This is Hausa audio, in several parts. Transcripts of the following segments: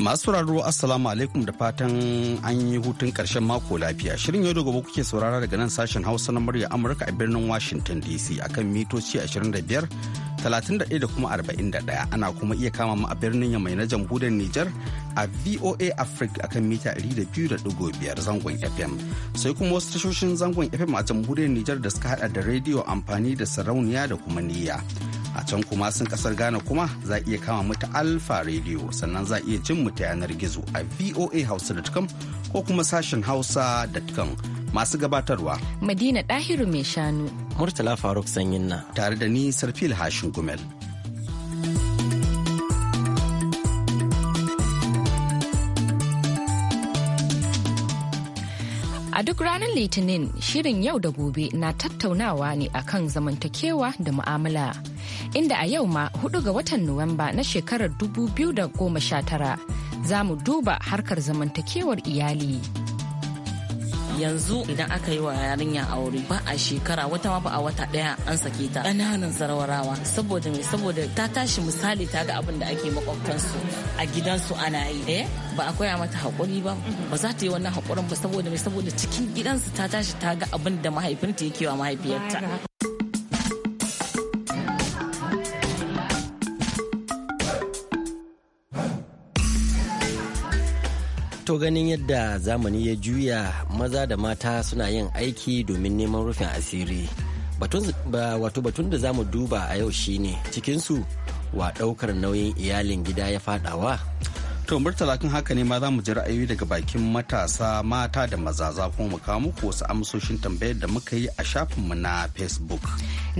Masu sauraro Assalamu alaikum da fatan an yi hutun karshen mako lafiya. Shirin yau da gobe kuke saurara daga nan sashen Hausa na murya Amurka a birnin Washington DC akan mitoci 25, 31 da kuma 41. Ana kuma iya kama mu a birnin Yamai na jamhuriyar Nijar a VOA Africa akan mita 200.5 zangon FM. Sai kuma wasu tashoshin zangon FM a jamhuriyar Nijar da suka hada da rediyo amfani da sarauniya da kuma niyya. a can kuma sun kasar ghana kuma za iya kama mu ta alfa radio sannan za iya jin mu ta yanar gizo a voahausa.com ko kuma sashen hausa.com masu gabatarwa madina dahiru mai shanu murtala faruk sanyin na tare da ni sarfil hashin gumel A duk ranar Litinin shirin yau da gobe na tattaunawa ne akan zamantakewa da mu'amala. inda a yau ma hudu ga watan Nuwamba na shekarar 2019 za mu duba harkar zamantakewar iyali. yanzu idan aka yi wa yarinya aure ba a shekara wata ma ba a wata daya an sake ta ƙananan zarwarawa saboda me saboda ta tashi misali ta ga abin da ake makwabtansu a gidansu ana yi eh ba a koya mata haƙuri ba ba za ta yi wannan haƙurin ba saboda me saboda cikin gidansu ta tashi ta ga abin da mahaifinta yake wa mahaifiyarta to ganin yadda zamani ya juya maza da mata suna yin aiki domin neman rufin asiri. Wato batun da zamu duba a yau shine cikinsu wa ɗaukar nauyin iyalin gida ya fadawa. To murtala kan haka ne ma za mu ji ra'ayoyi daga bakin matasa mata da maza za kuma mu kawo muku wasu amsoshin tambayar da muka yi a shafinmu na Facebook.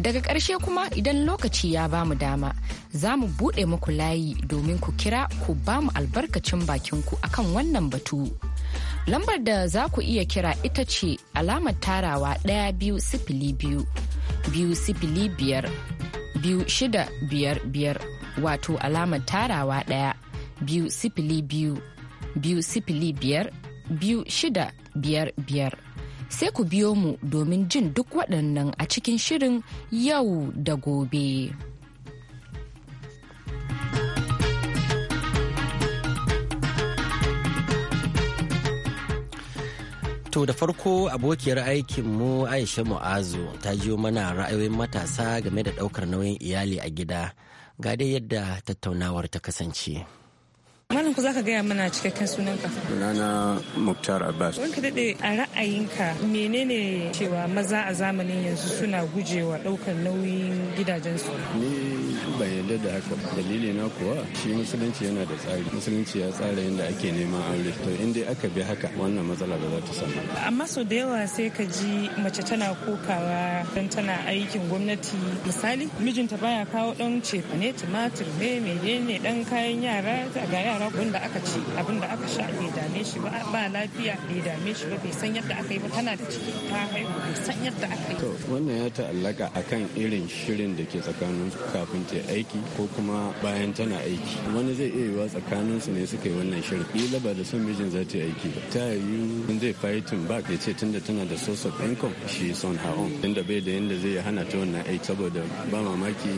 Daga ƙarshe kuma idan lokaci ya ba mu dama za mu buɗe muku layi domin ku kira ku ba mu albarkacin ku akan wannan batu. Lambar da za ku iya kira ita ce alamar tarawa ɗaya biyu sifili biyu biyu sifili biyar biyu shida biyar biyar wato alamar tarawa ɗaya. biyu sifili biyu biyu sifili biyar biyu shida biyar biyar sai ku biyo mu domin jin duk waɗannan a cikin shirin yau da gobe. To da farko abokiyar aikinmu Aisha Mu'azu ta jiyo mana ra'ayoyin matasa game da ɗaukar nauyin iyali a gida ga dai yadda tattaunawar ta kasance. Malam ku zaka gaya mana cikakken sunanka. Sunana Muktar Abbas. Wanka daɗe a ra'ayinka menene cewa maza a zamanin yanzu suna gujewa ɗaukar nauyin gidajensu? Ni ban yarda da haka ba. dalili na kuwa shi musulunci yana da tsari musulunci ya tsara yadda ake neman aure to in dai aka bi haka wannan matsala ba za ta samu amma sau da yawa sai ka ji mace tana kokawa don tana aikin gwamnati misali mijinta baya kawo ɗan cefane tumatir ne menene dan kayan yara ga yara yara abin da aka ci abin da aka sha bai dame shi ba ba lafiya bai dame shi ba bai san yadda aka yi ba tana da ciki ta haihu bai san yadda aka yi to wannan ya ta'allaka akan irin shirin da ke tsakanin kafin ta aiki ko kuma bayan tana aiki wani zai iya yiwa tsakanin su ne suka yi wannan shirin kila ba da son mijin za ta yi aiki ba ta yi. in zai fighting ba ke ce tunda tana da source of income shi son her own tunda bai da yanda zai hana ta wannan aiki saboda ba mamaki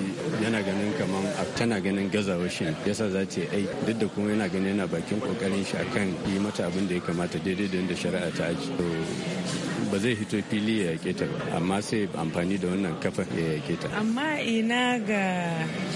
yana ganin kamar tana ganin gazawa shi yasa za ta yi aiki duk da kuma yana ganin yana bakin kokarin shi akan yi mata abin da ya kamata daidai da yadda shari'a ta aji ba zai hito fili ya yake ta ba amma sai amfani da wannan kafa ya yake ta amma ina ga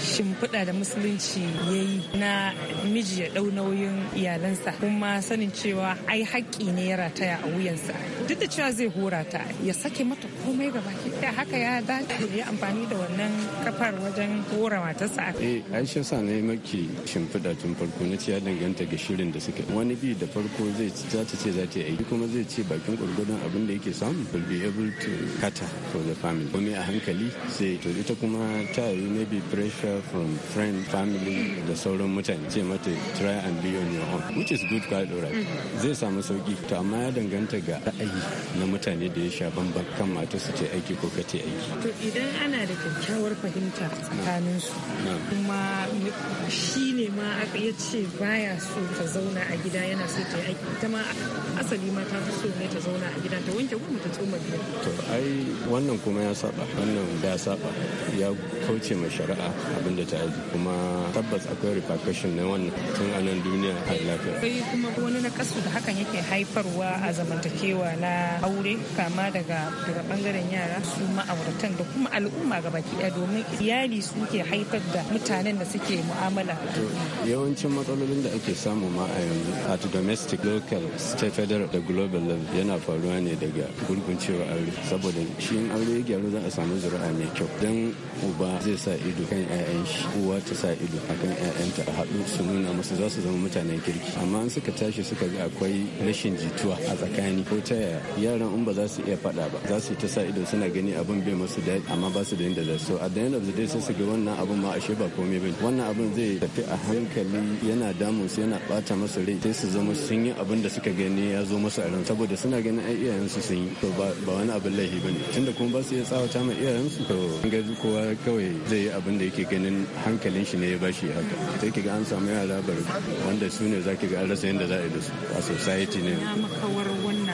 shimfiɗa da musulunci ya yi na miji ya ɗau nauyin iyalansa kuma sanin cewa ai haƙƙi ne ya rataya a wuyansa duk da cewa zai hora ta ya sake mata komai gaba da haka ya dace ya amfani da wannan kafar wajen hora matarsa eh aisha sa yi maki shimfiɗa tun farko na ce ya danganta ga shirin da suke wani bi da farko zai za ta ce za ta yi kuma zai ce bakin gwargwadon abin da yake ake samu will be able to cater for the family komai a hankali sai to ita kuma ta yi maybe pressure from friend family da sauran mutane ce mata try and be on your own which is good quite alright zai samu sauki to amma ya danganta ga ra'ayi na mutane da ya sha bamban kan mata su ce aiki ko kace aiki to idan ana da kyakkyawar fahimta tsakanin su kuma shi ne ma ya ce baya so ta zauna a gida yana so ta yi aiki ita ma asali ma ta fi so ne ta zauna a gida ta wanke goma ta tsoma To ai wannan kuma ya saba wannan ya saba ya kauce ma shari'a abinda ta yi kuma tabbas akwai repercussion na wannan tun a nan duniya a lafiya. Akwai kuma wani na kasu da hakan yake haifarwa a zamantakewa na aure kama daga daga bangaren yara su ma'auratan da kuma al'umma ga baki ɗaya domin iyali suke haifar da mutanen da suke mu'amala. Yawancin matsalolin da ake samu ma a yanzu at domestic local state federal da global level yana faruwa ne daga cewa aure saboda shi in aure ya gyaru za a samu zuri'a mai kyau dan uba zai sa ido kan 'ya'yan shi uwa ta sa ido a akan 'ya'yanta a haɗu su nuna musu za su zama mutanen kirki amma in suka tashi suka ga akwai rashin jituwa a tsakani ko ta yaya, yaran in ba za su iya faɗa ba za su ta sa ido suna gani abin bai musu daɗi amma ba su da yadda za su a da end zai sai su ga wannan abin ma ashe ba komai ba wannan abin zai tafi a hankali yana damun su yana ɓata masa rai sai su zama sun yi abin da suka gani ya zo masa a ran saboda suna ganin ai iyayensu sun yi to ba wani abin laifi ba bane tunda kuma ba su iya tsawata ma iyayensu to ga kowa kawai zai yi abin da yake ganin hankalin shi ne ya bashi haka sai ki ga an samu yara wanda su ne zaki ga an rasa yadda za a yi da su a society ne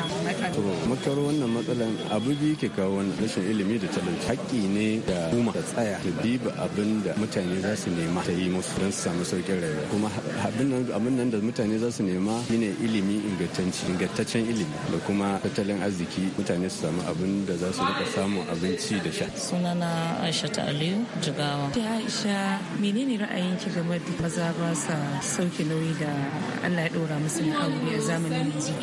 matsala. makar wannan matsalan abu biyu ke kawo wannan rashin ilimi da talauci. Haƙƙi ne da kuma da tsaya da diba abin da mutane za su nema ta yi musu don su samu sauƙin rayuwa. Kuma abin nan da mutane za su nema shine ilimi ingantacci ingantaccen ilimi da kuma tattalin arziki mutane su samu abin da za su rika samu abinci da sha. Sunana Aisha ta Aliyu Jigawa. Ta Aisha menene ra'ayinki game da maza ba sa sauke nauyi da Allah ya dora musu na aure a zamanin yanzu?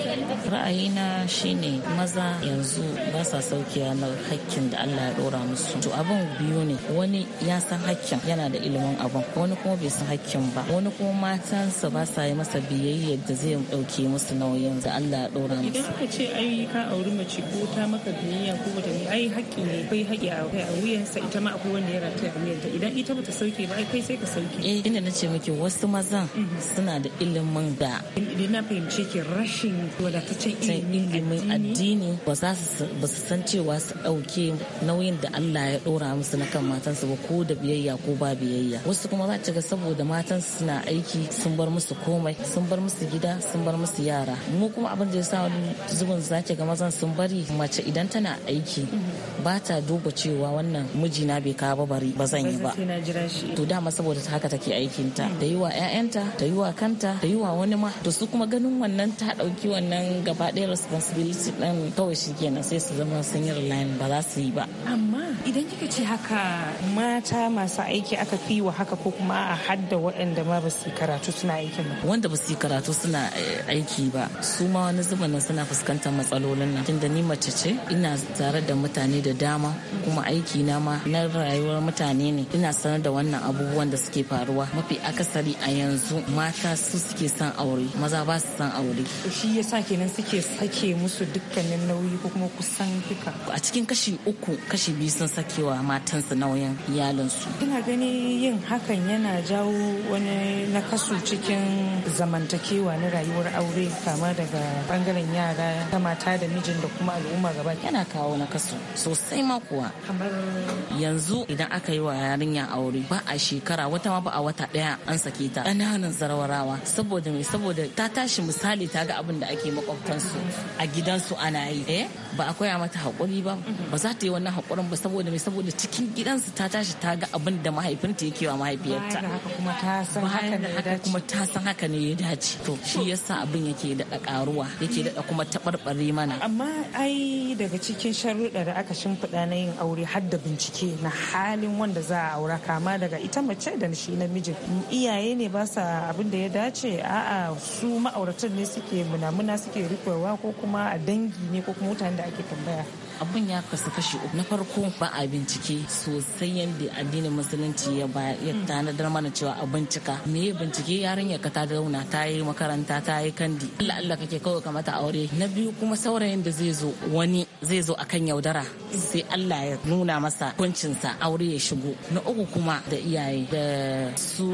Ra'ayina shine maza yanzu ba sa saukiya na hakkin da Allah ya dora musu to abin biyu ne wani ya san hakkin yana da ilimin abin wani kuma bai san hakkin ba wani kuma matansa ba sa yi masa biyayya da zai dauke musu nauyin da Allah ya dora musu idan ka ce ai ka auri mace ko ta maka biyayya ko ta yi ai hakki ne kai haƙƙi a kai a wuyansa ita ma akwai wanda ya rata a wuyanta idan ita bata sauke ba ai kai sai ka sauke eh inda nace miki wasu mazan mhm. suna da ilimin da idan na fahimce ki rashin wadataccen ilimi ilimin addini ba za su san cewa su ɗauke nauyin da Allah ya ɗora musu na kan matansu ba ko da biyayya ko ba biyayya wasu kuma za ta ga saboda matansu suna aiki sun bar musu komai sun bar musu gida sun bar musu yara mu kuma abin da ya sa wani zubin za ga mazan sun bari mace idan tana aiki ba ta duba cewa wannan mijina bai kawo ba bari ba zan yi ba to dama saboda haka take ta da yi wa 'ya'yanta da yi wa kanta da yi wa wani ma to su kuma ganin wannan ta ɗauki wannan gaba ɗaya responsibility ɗin kawai shi kenan sai su zama sun yi relying ba za su yi ba amma idan kika ce haka mata masu aiki aka fi wa haka ko kuma a hadda waɗanda ma ba su karatu suna aikin ba wanda ba su karatu suna eh, aiki ba su ma wani zuban suna fuskantar matsalolin nan tunda ni mace ce ina tare da mutane da dama kuma aiki na ma na rayuwar mutane ne ina sanar da wannan abubuwan da suke faruwa mafi akasari a yanzu mata su suke son aure maza ba su son aure shi yasa kenan suke saki sake musu dukkanin nauyi ko kuma kusan duka a cikin kashi uku kashi biyu sun sakewa matansa nauyin iyalinsu ina gani yin hakan yana jawo wani nakasu cikin zamantakewa na rayuwar aure kama daga bangaren yara ta mata da mijin da kuma al'umma gaba yana kawo nakasu sosai ma kuwa kamar yanzu idan aka yi wa yarinya aure ba a shekara wata ma ba a wata ɗaya an sake ta ƙananan zarwarawa saboda mai saboda ta tashi misali ta ga abin da ake makwabtansu a gidansu ana yi eh ba a koya mata hakuri ba ba za ta yi wannan haƙurin ba saboda mai saboda cikin gidansu ta tashi ta ga abin da mahaifinta yake wa mahaifiyarta haka kuma ta san haka ne ya dace to shi yasa abin yake daɗa ƙaruwa yake daɗa kuma taɓarɓare mana amma ai daga cikin sharuɗa da aka shimfiɗa na yin aure har da bincike na halin wanda za a aura kama daga ita mace da shi namijin iyaye ne ba sa abin da ya dace a'a su ma'auratan ne suke munamuna suke rikowa ko kuma a dangi ne ko kuma mutane da ake tambaya Abin ya kasu kashi uku na farko ba a bincike sosai yadda addinin musulunci ya ba ya tanadar mana cewa a bincika me ya bincike yaron ya ta zauna ta yi makaranta ta yi kandi Allah Allah kake kawai ka mata aure na biyu kuma saurayin da zai zo wani zai zo akan yaudara sai Allah ya nuna masa sa aure ya shigo na uku kuma da iyaye da su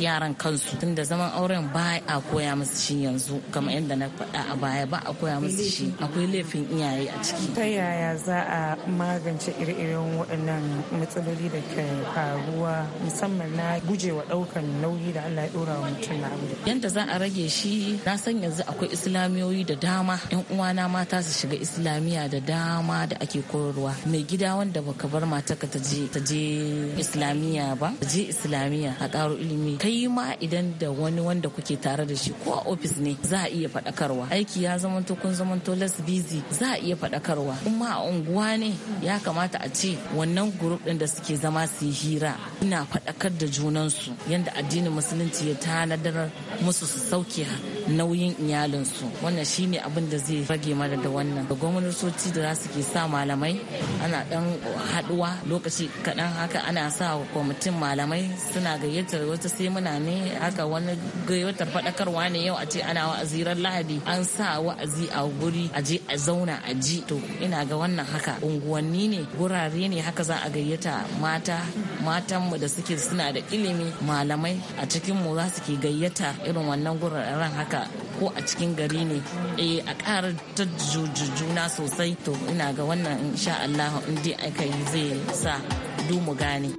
yaran kansu tunda zaman auren ba a koya musu shi yanzu kamar yadda na faɗa a baya ba a koya musu shi akwai laifin iyaye a ciki yaya za a magance ire-iren waɗannan matsaloli da ke faruwa musamman na gujewa ɗaukan nauyi da Allah ya ɗora wa mutum na abu. Yanda za a rage shi na san yanzu akwai islamiyoyi da dama yan uwana mata su shiga islamiyya da dama da ake koyarwa mai gida wanda baka bar matarka ta je ta je islamiyya ba ta je islamiyya a karo ilimi kai ma idan da wani wanda kuke tare da shi ko a ofis ne za a iya faɗakarwa aiki ya zamanto kun zamanto less busy za a iya faɗakarwa kuma a unguwa ne ya kamata a ce wannan gurup ɗin da suke zama su yi hira ina faɗakar da junansu yadda addinin musulunci ya tanadar musu su sauke nauyin iyalinsu wannan shine abin da zai rage mana da wannan da gwamnatoci da za su ke sa malamai ana dan haduwa lokaci kaɗan haka ana sa kwamitin malamai suna gayyatar wata sai muna ne haka wani gayyatar faɗakarwa ne yau a ce ana wa'azirar lahadi an sa wa'azi a guri a je a zauna a ji to ina ga wannan haka unguwanni ne gurare ne haka za a gayyata mata matanmu da suke suna da ilimi malamai a cikinmu za su ke gayyata irin wannan guraren haka ko a cikin gari ne eh a ƙara ta juna sosai to ina ga wannan insha Allah in dai aka yi zai sa du mu gane.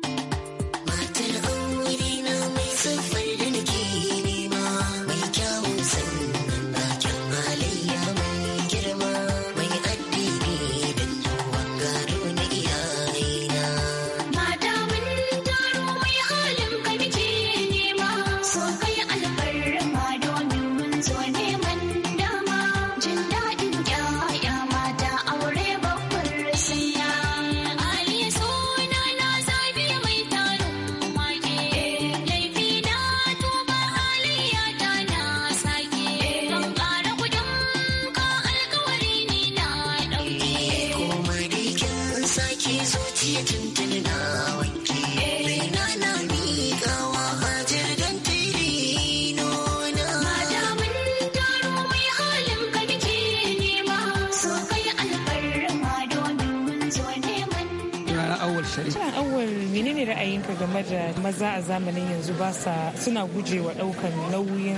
Join it. awwal sharif kiran menene ra'ayinka game da maza a zamanin yanzu ba sa suna gujewa daukan nauyin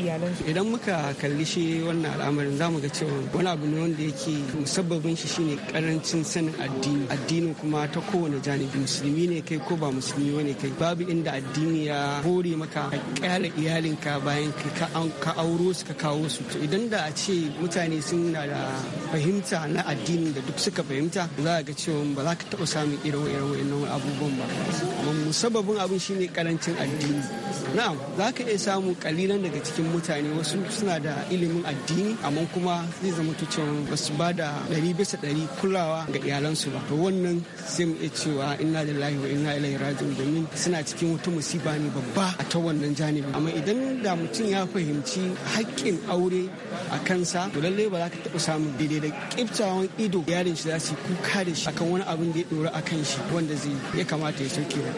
iyalansu idan muka kalli shi wannan al'amarin zamu ga cewa wani abu ne wanda yake musabbabin shi shine karancin sanin addini addini kuma ta kowane janibi musulmi ne kai ko ba musulmi wani kai babu inda addini ya hore maka ka kyale iyalinka bayan ka auro su ka kawo su to idan da a ce mutane suna da fahimta na addini da duk suka fahimta za ga cewa ba za ka taɓa samun samun ire abubuwan ba sababin abin shine karancin addini na'am za ka iya samu kalilan daga cikin mutane wasu suna da ilimin addini amma kuma zai zama to cewa ba ba da ɗari bisa ɗari kulawa ga iyalansu ba to wannan sai mu iya cewa inna lillahi wa inna ilaihi raji'un domin suna cikin wata musiba ne babba a ta wannan janibi amma idan da mutum ya fahimci hakkin aure a kansa to lallai ba za ka taɓa samun daidai da ƙiftawan ido yarin shi za su yi kuka da shi akan wani abin da ya ɗora a kan shi wanda zai ya kamata ya soke ba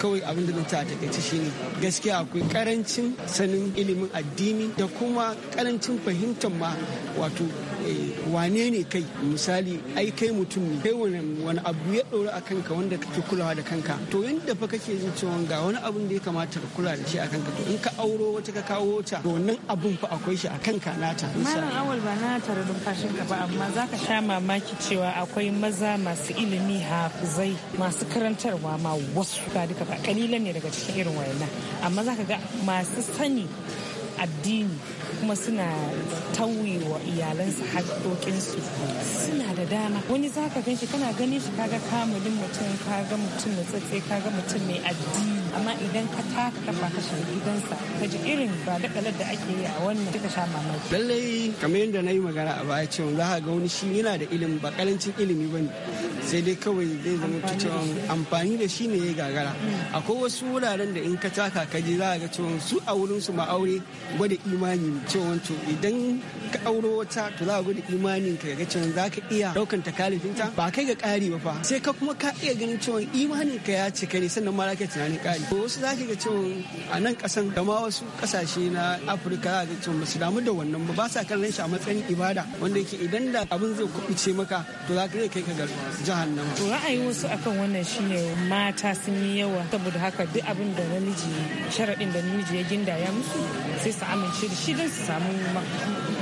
kawai abin da ta takaice ne gaskiya akwai karancin sanin ilimin addini da kuma karancin fahimtar ma wato Eh, wane ne kai misali ai kai mutum ne kai wani abu ya ɗora a kanka wanda kake kulawa da kanka to yanda fa kake jin cewa ga wani abun da ya kamata ka kula da shi a kanka to in ka auro wata ka kawo ta to wannan abun fa akwai shi a kanka nata malam awal ba na tare numfashin ka ba amma zaka sha mamaki cewa akwai maza masu ilimi hafizai masu karantarwa ma wasu Ka duka ba kalilan ne daga cikin irin wayannan amma zaka ga masu sani addini kuma suna tauye wa iyalansu haƙoƙinsu suna da dama wani zaka gan shi kana ganin shi kaga kamalin mutum kaga mutum mai tsatse kaga mutum mai addini amma idan ka taka kafa ka shiga gidansa ka ji irin ba kalar da ake yi a wannan duka sha mamaki lallai kamar yadda na yi magana a baya cewa za ka ga wani shi yana da ilimi ba karancin ilimi ba ne sai dai kawai zai zama cewa amfani da shi ne ya gagara akwai wasu wuraren da in ka taka ka ji za ka ga cewa su a wurin su aure gwada imani cewa to idan ka auro wata to za ka gwada imanin ka ga cewa za ka iya daukan takalifinta ba kai ga kari ba fa sai ka kuma ka iya ganin cewa imanin ka ya cika ne sannan ma za ka tunanin kari misali wasu za ki ga cewa a nan kasan da ma wasu kasashe na afirka za ga cewa su damu da wannan ba ba sa kallon shi a matsayin ibada wanda yake idan da abin zai kubuce maka to za ka zai kai ka ga jahannama to ra'ayin wasu akan wannan shine mata sun yi yawa saboda haka duk abin da namiji sharaɗin da namiji ya gindaya musu sai su amince da shi don su samu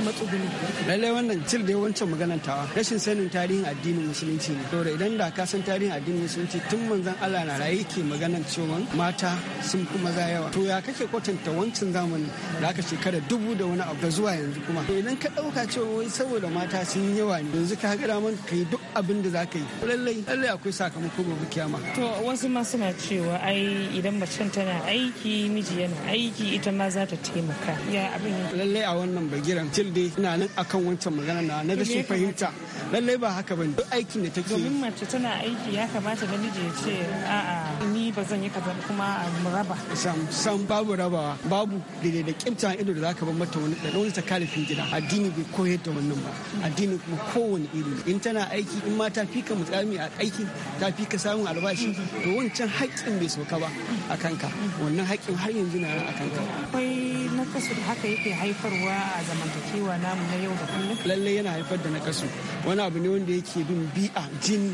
matsuguni lallai wannan cil da yawancin maganar tawa rashin sanin tarihin addinin musulunci ne to idan da ka san tarihin addinin musulunci tun manzon Allah na raye ke maganar cewa mata sun fi maza yawa to ya kake kwatanta wancan zamani da aka shekara dubu da wani abu da zuwa yanzu kuma to idan ka ɗauka cewa wai saboda mata sun yi yawa ne yanzu ka haɗa man ka yi duk abin da za ka yi lallai lallai akwai sakamako babu kyama. to wasu ma suna cewa ai idan macen tana aiki miji yana aiki ita ma za ta taimaka ya abin lallai a wannan bagiran til dai ina nan akan wancan magana na na da shi fahimta lallai ba haka bane duk aikin da take domin mace tana aiki ya kamata namiji ya ce a'a ni ba zan yi kaza kuma mu raba sam sam babu rabawa babu daidai da kimta ido da zaka bar mata wani da wani kalifin gida addini bai koyar da wannan ba addini kuma kowane iri in tana aiki in ma ta fika mutsami a aiki ta fika samun albashi to wancan haƙƙin bai sauka ba a kanka wannan haƙƙin har yanzu na a kanka akwai na da haka yake haifarwa a zamantakewa namu na yau da kullum lalle yana haifar da nakasu. wani abu ne wanda yake bin bi'a jini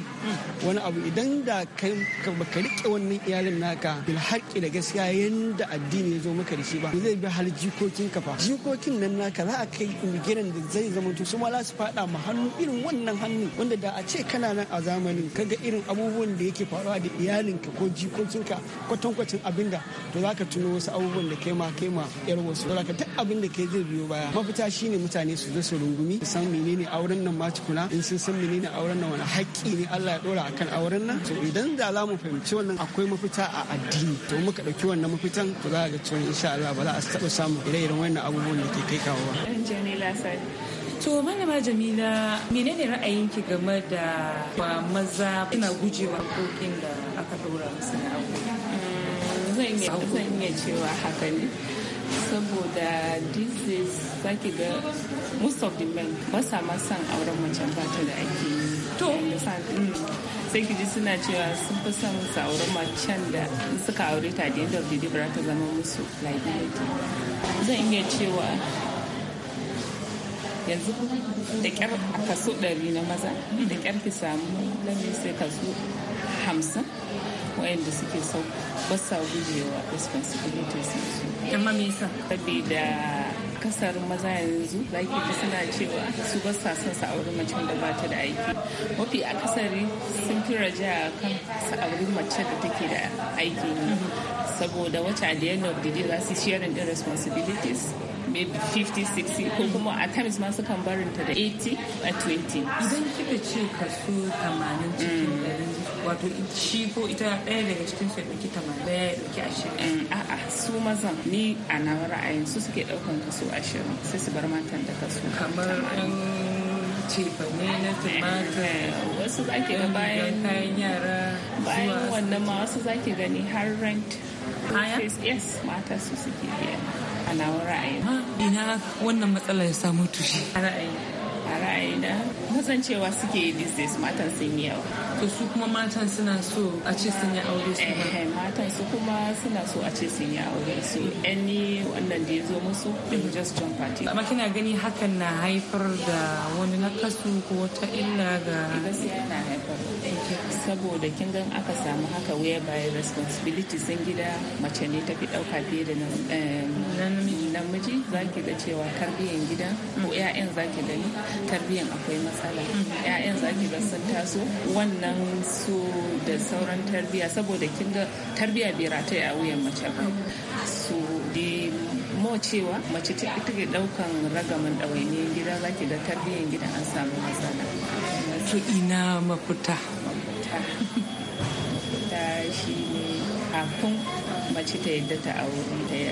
wani abu idan da ka rike wannan iyalin naka bil haƙƙi da gaskiya yanda addini ya zo maka da shi ba zai bi har jikokin ka fa jikokin nan naka za a kai gidan da zai zama to su ma za su faɗa ma hannu irin wannan hannu wanda da a ce kana nan a zamanin kaga irin abubuwan da yake faruwa da iyalinka ko jikokinka kwatankwacin abinda to za ka tuno wasu abubuwan da kai ma kai ma sauransu saboda duk abin da ke zai biyo baya mafita shine mutane su zo su rungumi su san menene auren nan ma tukuna in sun san menene auren nan wani haƙƙi ne Allah ya dora akan auren nan to idan da za mu fahimci wannan akwai mafita a addini to muka ɗauki wannan mafitan to za ga cewa insha Allah ba za a taɓa samu ire-iren wannan abubuwan da ke kai kawo ba. To malama Jamila menene ra'ayinki game da ba maza ina gujewa harkokin da aka dora musu na abu mm, Zan iya cewa haka ne. saboda disease zaki ga most of the men ba sa ma son auren macen ba ta da ake to mm, sai ki ji suna cewa sun fi son su auren macen da suka aure ta da yadda of ta zama musu liability zan iya cewa yanzu da kyar a kaso ɗari na maza da kyar ki samu sai kaso hamsin wayanda suke sauka ba sa gujewa responsibilities su amma saboda kasar maza yanzu da ake ta suna cewa su ba sa son su auri macen da ba ta da aiki mafi akasari sun fi raja kan su auri mace da take da aiki mhm. saboda wacce a the end of the za su responsibilities maybe 50 60 ko kuma a times ma sukan barinta da 80 a 20 idan kika ce kaso 80 cikin mm. wato shi ko ita ɗaya daga cikin su ɗauki tamanin ɗaya ɗauki ashirin. Mm, a'a su maza ni a na ra'ayin su suke ɗaukan kaso ashirin sai su bar matan da kaso. Kamar eh, eh, Wasu zaki ga bayan kayan yara. Bayan wannan ma wasu zaki gani har rent. Kaya? Yes, mata su suke biya. a nawa ra'ayi. ina wannan matsalar ya samu tushe. A ra'ayi. A ra'ayi na matsancewa suke yi these days matan sun yi yawa. to su kuma matan suna so a ce sun yi aure su ba eh, matan su kuma suna so a ce sun yi aure su any wannan da ya zo musu they just jump at amma kina gani hakan na haifar da wani nakasu ko wata illa ga eh, saboda kin gan aka samu haka by responsibility sun gida mace ne tafi dauka fiye da eh, namiji namiji zaki ga cewa tarbiyyar gidan ko 'ya'yan ki gani tarbiyyar akwai matsala 'ya'yan zaki ga sun taso wannan su da sauran tarbiyya saboda kin ga tarbiyya bai rataya a wuyan mace ba su mo cewa mace ta ke daukan ragaman ɗawainiyar gida zaki ga tarbiyyar gida an samu matsala to ina mafita mafita shi ne kafin mace ta yadda ta aure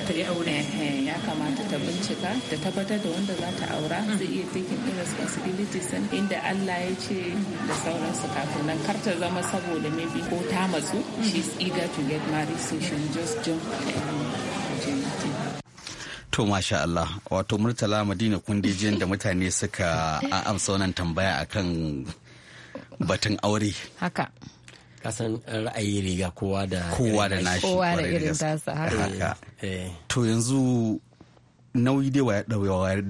ta yi aure eh, ya kamata ta bincika da tabbatar da wanda za ta aura mm. zai iya taking the san. inda Allah ya ce da sauransu kafin nan kar ta zama saboda maybe ko ta matsu mm. she's eager to get married so she just jump To masha Allah wato Murtala Madina kundijin da mutane suka amsa wannan tambaya akan batun aure. Haka. kasan ra'ayi riga kowa da kowa da nashi kowa da irin tasa haka to yanzu nauyi dai waya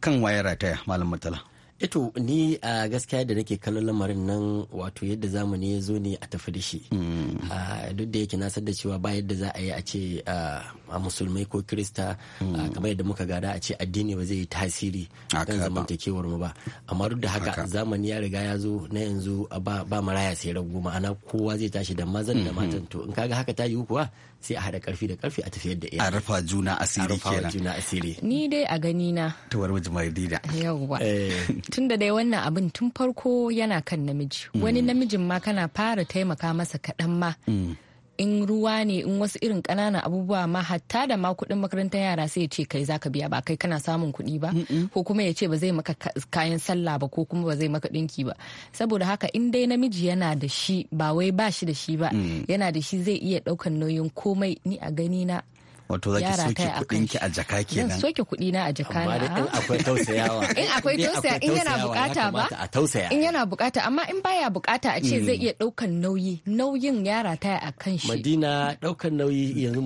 kan waya rataya malam matala ito ni a gaskiya da nake kallon lamarin nan wato yadda zamani ya zo ne a tafi da shi mm. duk da yake na da cewa ba yadda za a yi a ce a musulmai ko kirista mm. kamar yadda muka gada a ce addini ba zai yi tasiri kan zamantakewar mu ba amma duk da haka zamani ya riga ya zo na yanzu ba maraya sai ragu ma'ana kowa zai tashi da mazan da mm-hmm. matan to in kaga haka ta yiwu kuwa sai a haɗa ƙarfi da ƙarfi a tafiyar da iyali. A rufa juna asiri kenan. A juna asiri. Ni dai a gani na. Tawar miji mai dina. Yawwa. Eh. Tun da dai wannan abin tun farko yana kan namiji. Wani mm. namijin ma kana fara taimaka masa kaɗan ma. Mm. in ruwa ne in wasu irin ƙananan abubuwa ma hatta da ma kuɗin makarantar yara sai ya ce kai zaka biya ba kai kana samun kuɗi ba ko kuma ya ce ba zai maka kayan sallah ba ko kuma ba zai maka ɗinki ba saboda haka in dai namiji yana da shi ba wai ba shi da shi ba mm. yana da shi zai iya ɗaukan nauyin komai ni a gani na wato zaki soke kudin ki a jaka kenan zan soke kudi na a jaka na in akwai tausayawa in akwai tausaya in yana bukata ba in yana bukata amma in baya bukata a ce hmm. zai iya daukan nauyi nauyin yara ta a kan shi madina daukan nauyi yanzu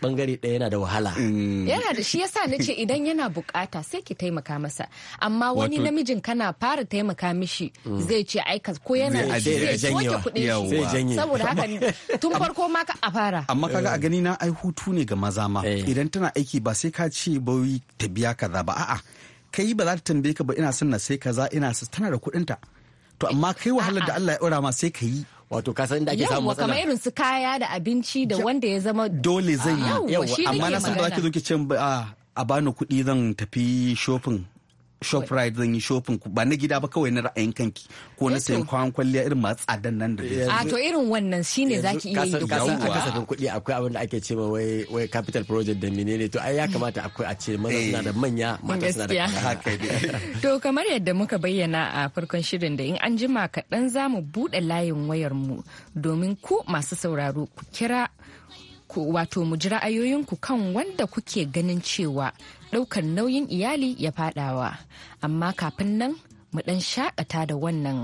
bangare eh, daya yana da wahala hmm. yana da shi yasa na ce idan yana bukata sai ki taimaka masa amma wani namijin kana fara taimaka mishi hmm. zai ce aika ko yana da shi zai soke kuɗin shi saboda haka tun farko ma ka a fara amma kaga a gani na ai hutu ne ga maza ma eh. idan tana aiki ba sai ka ce yi ta biya kaza ba a'a kai ba za ta tambaye ka ba ina son na sai kaza ina son tana da kuɗin ta to amma kai wahalar da Allah ya ɗora ma sai ka yi wato ka san inda ake samun matsala kamar irin su kaya da abinci da wanda ya zama dole zai yi amma na san ba za ki zo ki ce a bani kuɗi zan tafi shopping shoprite zan yi shopping ba na gida ba kawai na ra'ayin kanki ko na sayan kwan kwalliya irin masu tsadan nan da a to irin wannan shine zaki iya yi da kuɗi a kasafin kuɗi akwai abin da ake ce ma wai wai capital project da menene to ai ya kamata akwai a ce maza suna da eh. manya mata suna da haka to kamar yadda muka bayyana a farkon shirin da in an jima kaɗan za mu buɗe layin wayar mu domin ku masu sauraro ku kira wato mu ji ra'ayoyinku kan wanda kuke ganin cewa ɗaukar nauyin iyali ya fadawa amma kafin nan mu ɗan shakata da wannan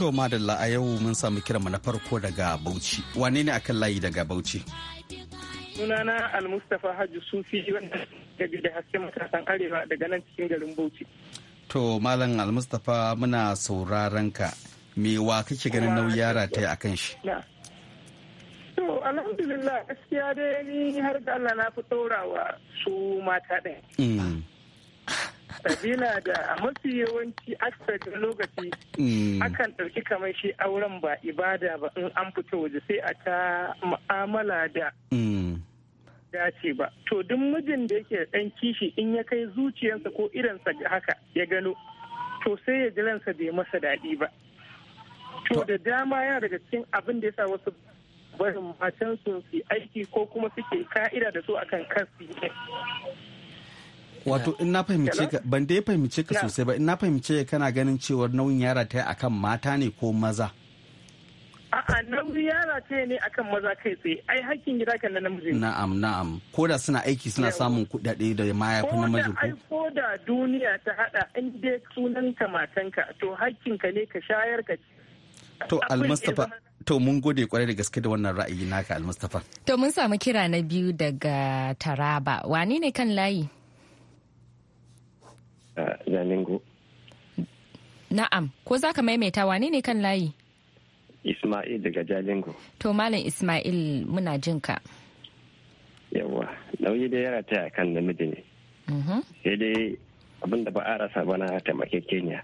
To madalla a yau mun samu kiranmu na farko daga Bauchi. Wane ne akan layi daga Bauchi? Sunana Al-Mustapha Hajji Sufi wanda da hasken matasan Arewa daga nan cikin garin Bauchi. To Malam Al-Mustapha muna sauraron ka. Me wa kake ganin nauyi yara ta akan shi? to alhamdulillah gaskiya dai ni har da Allah na fi ɗorawa su mata ɗaya. sabila da a mafi yawanci aspect na lokaci mm. akan ɗauki kamar shi auren ba ibada ba in an fito waje sai a ta mu'amala da mm. dace ba to duk mijin da yake ɗan kishi in ya kai zuciyarsa ko irinsa haka ya gano to sai ya ji ransa bai masa daɗi ba to da dama yana daga cikin abin da ya sa wasu barin matan su aiki ko kuma suke ka'ida da su akan kansu wato in na fahimce ka ban da ya fahimce ka sosai ba in na fahimce kana ganin cewar nauyin yara ta akan mata ne ko maza A'a nauyin yara ta ne akan maza kai tsaye ai hakkin gida kan na namiji na'am na'am ko da suna aiki suna samun kuɗaɗe da maya kuma namiji ko ko da duniya ta hada in dai sunan ka ka to hakkin ka ne ka shayar ka to almustafa to mun gode kwarai da gaske da wannan ra'ayi naka almustafa to mun samu kira na biyu daga taraba wani ne kan layi Jalingo. Na'am, ko za ka maimaita wani ne kan layi? Ismail daga Jalingo. To Malam Ismail muna jin ka. Yawwa, nauyi da yara ta kan namiji ne. Mhm. Sai dai abin da ba a rasa bana Kenya.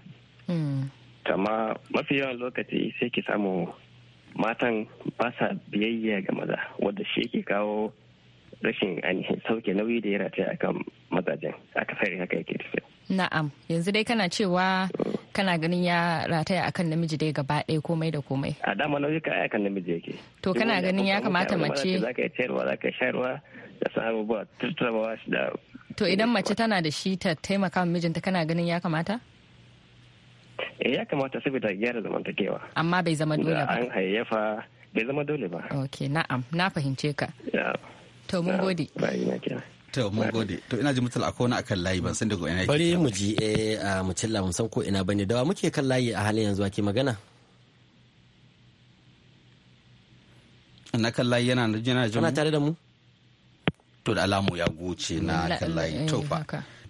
Kama mm. mafi yawan lokaci sai ki samu matan ba sa biyayya ga maza wadda shi ke kawo rashin ainihin sauke nauyi da ya rataya akan mazajen aka sai haka yake tafiya. Na'am, yanzu dai kana cewa kana ganin ya rataya akan namiji dai gaba ɗaya komai da komai. A dama nauyuka ai kan namiji yake. To kana ganin ya kamata mace. Za ka yi ciyarwa, za ka shayarwa, da san abubuwa, shi da. To idan mace tana da shi ta taimaka wa mijinta kana ganin ya kamata? Eh ya kamata saboda gyara zamantakewa. Amma bai zama dole ba. An hayayyafa bai zama dole ba. Ok, na'am, na fahimce ka. To mun gode. Ba na kira. to mun gode to ina ji mutala akwai wani akan layi ban san daga ina yake bari mu ji eh mun san ko ina bane dawa muke kan layi a halin yanzu ake magana na kan layi yana na jina tare da mu to da alamu ya goce na kan layi eh, to fa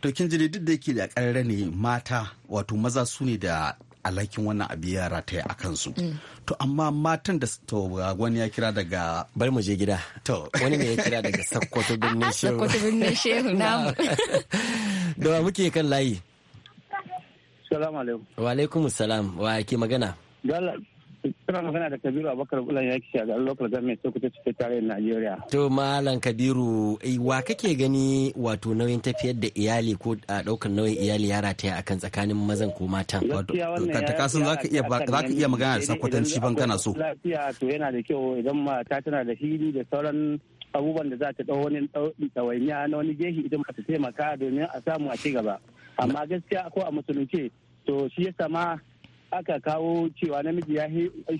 to kin ji duk da yake da karare ne mata wato maza su ne da alakin wannan abu ya rataya a kansu mm. to amma matan da to wani ya kira daga bari mu je gida to wani ne ya kira daga sakkwato birnin shehu sakkwato birnin shehu namu da muke kan layi salamu alaikum wa alaikum salam wa ke magana Suna magana da Kabiru Abubakar Bulan ya kishi a garin local government Sokoto cikin tarayyar Najeriya. To Malam Kabiru eh, wa kake gani wato nauyin tafiyar da iyali ko a ɗaukar nauyin iyali ya a akan tsakanin mazan ko matan. Wato kasan za ka iya magana da sakwatanci ban kana so. Lafiya to yana da kyau idan mata tana da hili da sauran abubuwan da za ta ɗau wani ɗawainiya na wani gehi idan ba ta taimaka domin a samu a ci gaba. Amma gaskiya ko a musulunce to shi ya sama aka kawo cewa namiji ya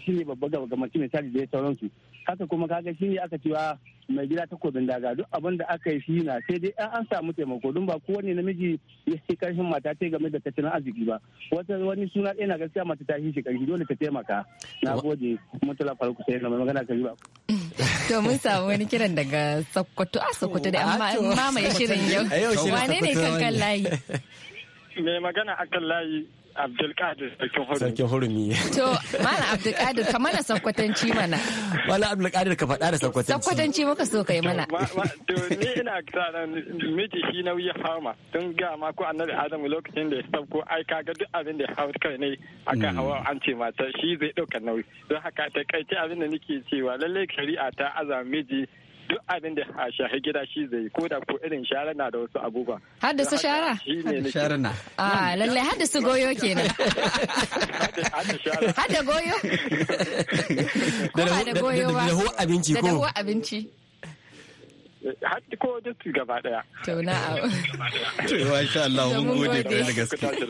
shi ne babba ga mace misali da ya sauransu haka kuma kaga shi ne aka cewa mai gida ta takobin daga duk abin da aka yi shi na sai dai an samu taimako don ba kowane namiji ya ce karfin mata ta game da tattalin arziki ba wata wani suna ɗaya na gaskiya mata ta shi karfi dole ta taimaka na gode kuma tala farko sai na magana kari ba to mun samu wani kiran daga sokoto a ah, sokoto da amma mamaye shirin yau wane ne kan kan layi mai magana akan layi Abdulkadir sarkin hurumi. Sarkin hurumi. To, Mala Abdulkadir ka mana sakkwatanci mana. Mala Abdulkadir ka faɗa da sakkwatanci. Sakkwatanci muka so kai mana. To, ni ina nan miji shi nauyi fama. Don ga ma ko annabi Adamu lokacin da ya sauko ai ga duk abin da ya hau kai ne akan mm. hawa an ce mata shi zai ɗauka nauyi. Don haka ta kai ce abin da nake cewa lallai shari'a ta azami miji duk abin da a shahe gida shi zai ko da ko irin shara na da wasu abubuwa. Hadda su shara? Shara na. A ah, lallai har su goyo ke nan. da goyo? Da dahuwar abinci ko? Da dahuwar abinci. har ko wajen su gaba daya. To na To yawa insha Allah mun gode da da gaske.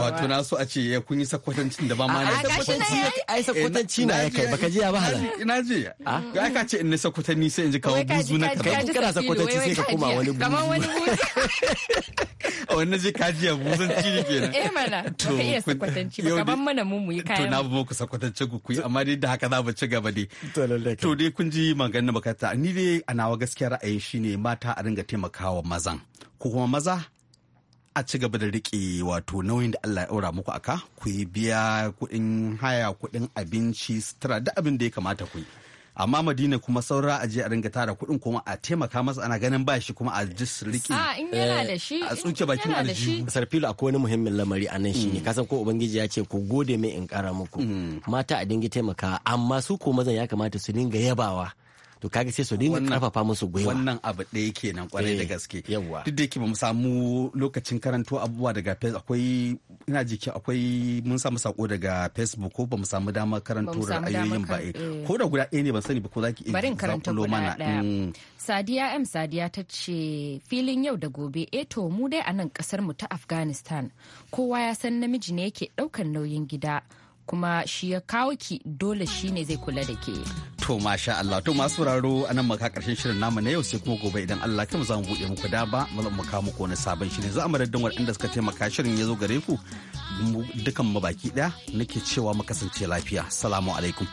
Wato na so a ce ya eh, kun yi sakwatancin da ba ma ne. na. Ai sakwatanci na eh, ya kai baka ji ya ba hala. Ina ji. Ah, Ga aka ce in na sakwatanni sai in ji kawo buzu na kaza. Kana sakwatanci sai ka koma wani buzu. Kamar wani buzu. a wannan je kajiya busanci ne kenan eh mana to ka iya sakwatanci ba kaman mana mu mu yi kayan to na bu muku sakwatance ku ku amma dai da haka za mu ci gaba dai to dai kun ji maganin bukata ni dai a nawa gaskiya ra'ayi shine mata a ringa taimakawa mazan ko kuma maza a ci gaba da riƙe wato nauyin da Allah ya ɗora muku aka ku yi biya kuɗin haya kuɗin abinci sutura da abin da ya kamata ku yi amma madina kuma saura a je a ringa tara kuɗin kuma a taimaka masa ana ganin ba shi kuma a jis riƙe eh, a tsuke bakin aljihu sarfilo akwai wani muhimmin lamari a nan shine mm. kasan ko ubangiji ya ce ku gode mai in kara muku mm. mata a dinga taimakawa amma su ko mazan ya kamata su dinga yabawa to kage sai su dinga karfafa musu gwiwa wannan abu ɗaya kenan kwarai da eh, gaske duk da yake bamu samu lokacin karanto abubuwa daga facebook akwai ina jiki akwai mun samu sako daga facebook ko bamu samu dama karanto ayoyin ba eh, eh. ko da guda ɗaya ne ban sani ba ko zaki iya zakulo mana mm. sadiya m sadiya ta ce filin yau da gobe eh to mu dai a nan kasar mu ta afghanistan kowa ya san namiji ne yake daukan nauyin gida kuma shi ya kawo ki dole shi ne zai kula da ke To masha Allah to masu sauraro nan maka karshen shirin namu na yau sai kuma gobe idan Allah kama za mu buɗe muku da mu mu kawo muku wani sabon shirin za a madadin waɗanda suka taimaka shirin ya zo gare ku dukan mu baki ɗaya nake cewa mu kasance lafiya salamu alaikum.